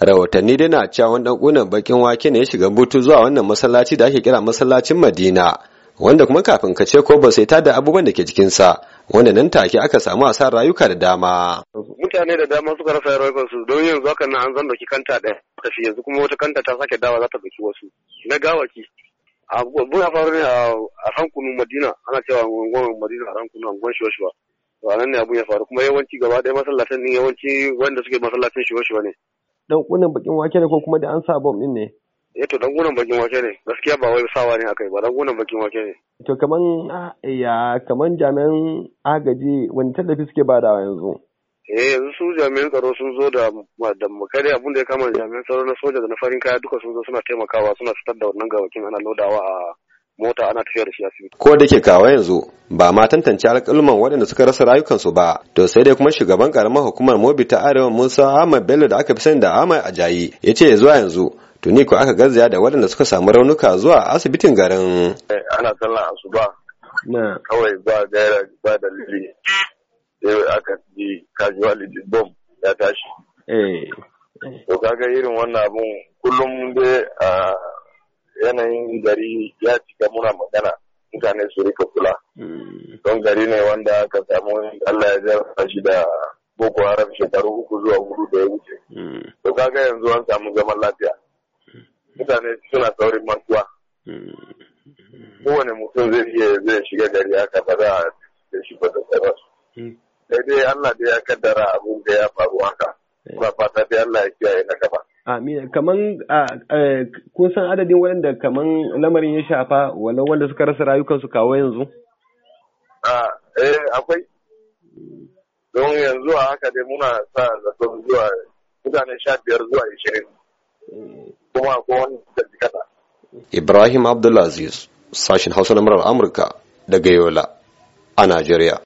rahotanni dai na cewa wani ɗan'unan bakin wake ne ya shiga butu zuwa wannan masallaci da ake kira masallacin madina wanda kuma kafin ka ce ko ba sai tada abubuwan da ke jikinsa wanda nan take aka samu asarar rayuka da dama mutane da dama suka rasa rayukansu don yanzu haka na an zan dauki kanta ɗaya tafi yanzu kuma wata kanta ta sake dawa za ta dauki wasu na gawaki abun ya faru ne a rankunu madina ana cewa unguwar madina a rankunu unguwar shiwa-shiwa to a nan ne abun ya faru kuma yawanci gaba ɗaya masallacin yawanci wanda suke masallacin shiwa ne dan kunin bakin wake ne ko kuma da an sa bom din ne eh to dan gunan bakin wake ne gaskiya ba wai sawa ne akai ba dan gunan bakin wake ne to kaman ah, ya kaman jami'an agaji wani tallafi suke badawa yanzu eh yanzu su jami'an tsaro sun zo da da makare abin da ya kama jami'an tsaro na soja da na farin kaya duka sun zo suna taimakawa suna fitar da wannan gawakin ana lodawa a mota ana tafiya da shi asibiti ko da ke kawo yanzu ba ma tantance alƙalman waɗanda suka rasa rayukansu ba to sai dai kuma shugaban karamar hukumar mobi ta arewa musa ahmad bello da aka fi sani da ahmad ajayi ya ce zuwa yanzu tuni ko aka garzaya da waɗanda suka samu raunuka zuwa asibitin garin eh, ana sallan asuba ba kawai ba gaira ba dalili sai aka ji casualty bom ya tashi eh, eh. to kaga irin wannan abun kullum dai a ah, yanayin gari ya cika muna magana mutane su rika kula mm. don gari ne wanda aka samu Allah ya jarfa shi da boko haram shekaru uku zuwa hudu da ya wuce mm. to kaga yanzu an samu zaman lafiya mutane suna saurin mantuwa mm. kowane mutum zai iya zai shiga gari haka ba za a da shi ba da tsara sai Allah da ya kaddara abin da ya faru haka fata dai Allah ya kiyaye na gaba Amina, kaman kun san adadin waɗanda kaman lamarin ya shafa walau wanda suka rasa rayukansu kawo yanzu? Eh, akwai. Don yanzu a haka dai muna sa zaton zuwa mutane sha biyar zuwa ishirin. Kuma ko wani da jikata. Ibrahim Abdulaziz, sashen Hausa na Amurka daga Yola a Najeriya.